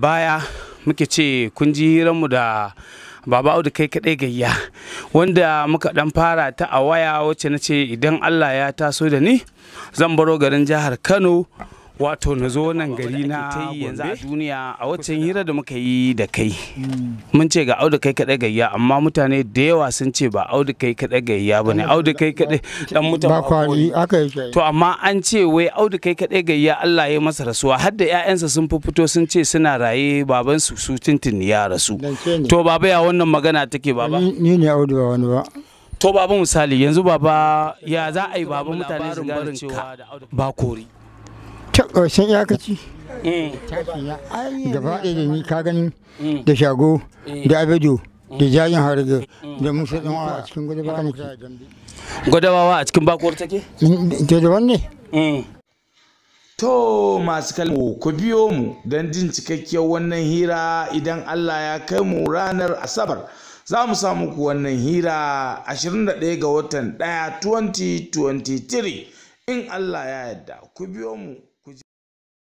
baya muke ce kun ji mu da baba audu kai kaɗai gayya wanda muka ɗan fara ta a waya wacce na ce idan allah ya taso da ni zan baro garin jihar kano wato na zo nan gari na yanzu a duniya a waccan hira da muka yi da kai mm. mun ce ga audu kai kaɗai gayya amma mutane da yawa sun ce ba audu kai kaɗai gayya ba ne audu kai kaɗai dan mutum ba kwani aka yi to amma an ce wai audu kai kaɗai gayya Allah ya masa rasuwa har da ƴaƴansa sun fito sun ce suna raye baban su su tintin ya rasu to baba ya wannan magana take baba ni ne auda ba wani ba to baba misali yanzu baba ya za a yi baba mutane su gane cewa ba kori ta ƙarshen iyakaci gaba eh. ɗaya da ni ka gani eh. da shago eh. da abido da jayin harge. da musa ɗan a cikin gwadabawa nake gwadabawa a cikin bakuwar take da wanne To masu kalmo ku biyo mu don jin cikakkiyar wannan hira idan Allah ya kai mu ranar Asabar. Za mu samu ku wannan hira 21 ga watan 1 2023 in Allah ya yarda ku biyo mu.